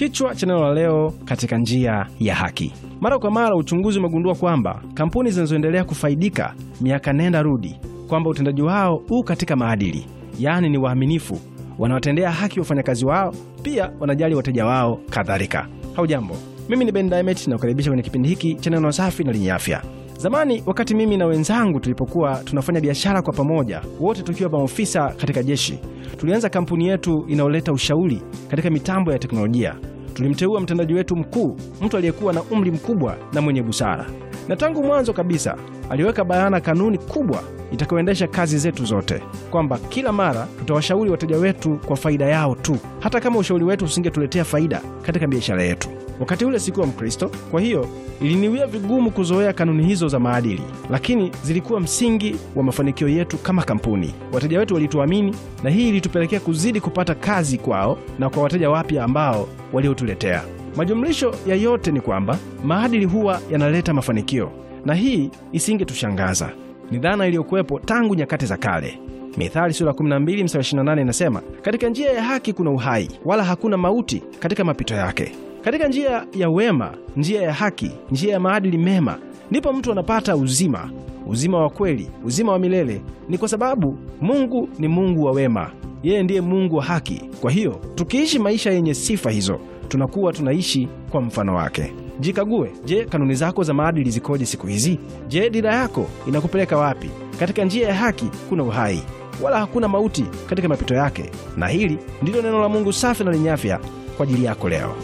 Kichwa cha neno la leo, katika njia ya haki. Mara kwa mara uchunguzi umegundua kwamba kampuni zinazoendelea kufaidika miaka nenda rudi, kwamba utendaji wao huu katika maadili, yaani ni waaminifu, wanawatendea haki wafanyakazi wao, pia wanajali wateja wao kadhalika. Haujambo, mimi ni Ben Diamond na kukaribisha kwenye kipindi hiki cha neno safi na lenye afya. Zamani wakati mimi na wenzangu tulipokuwa tunafanya biashara kwa pamoja, wote tukiwa maofisa katika jeshi, tulianza kampuni yetu inayoleta ushauri katika mitambo ya teknolojia tulimteua mtendaji wetu mkuu, mtu aliyekuwa na umri mkubwa na mwenye busara, na tangu mwanzo kabisa aliweka bayana kanuni kubwa itakayoendesha kazi zetu zote, kwamba kila mara tutawashauri wateja wetu kwa faida yao tu, hata kama ushauri wetu usingetuletea faida katika biashara yetu. Wakati ule sikuwa Mkristo, kwa hiyo iliniwia vigumu kuzoea kanuni hizo za maadili, lakini zilikuwa msingi wa mafanikio yetu kama kampuni. Wateja wetu walituamini, na hii ilitupelekea kuzidi kupata kazi kwao na kwa wateja wapya ambao waliotuletea. Majumlisho ya yote ni kwamba maadili huwa yanaleta mafanikio, na hii isingetushangaza. Ni dhana iliyokuwepo tangu nyakati za kale. Mithali sura 12 mstari 28 inasema, katika njia ya haki kuna uhai, wala hakuna mauti katika mapito yake. Katika njia ya wema, njia ya haki, njia ya maadili mema, ndipo mtu anapata uzima, uzima wa kweli, uzima wa milele. Ni kwa sababu Mungu ni Mungu wa wema, yeye ndiye Mungu wa haki. Kwa hiyo tukiishi maisha yenye sifa hizo, tunakuwa tunaishi kwa mfano wake. Jikague. Je, kanuni zako za maadili zikoje siku hizi? Je, dira yako inakupeleka wapi? Katika njia ya haki kuna uhai, wala hakuna mauti katika mapito yake. Na hili ndilo neno la Mungu safi na lenye afya kwa ajili yako leo.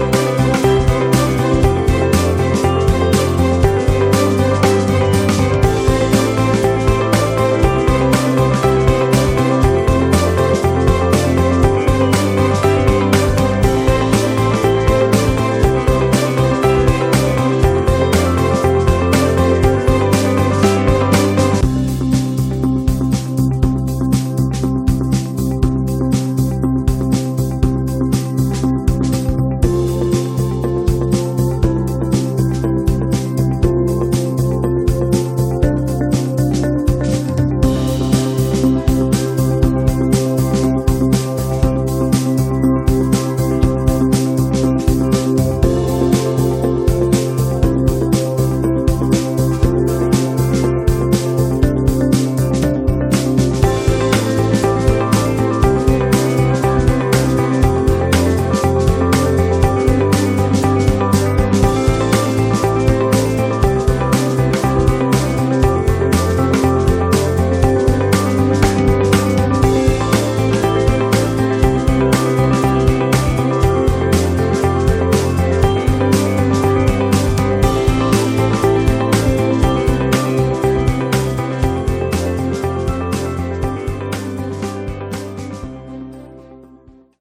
Thank you.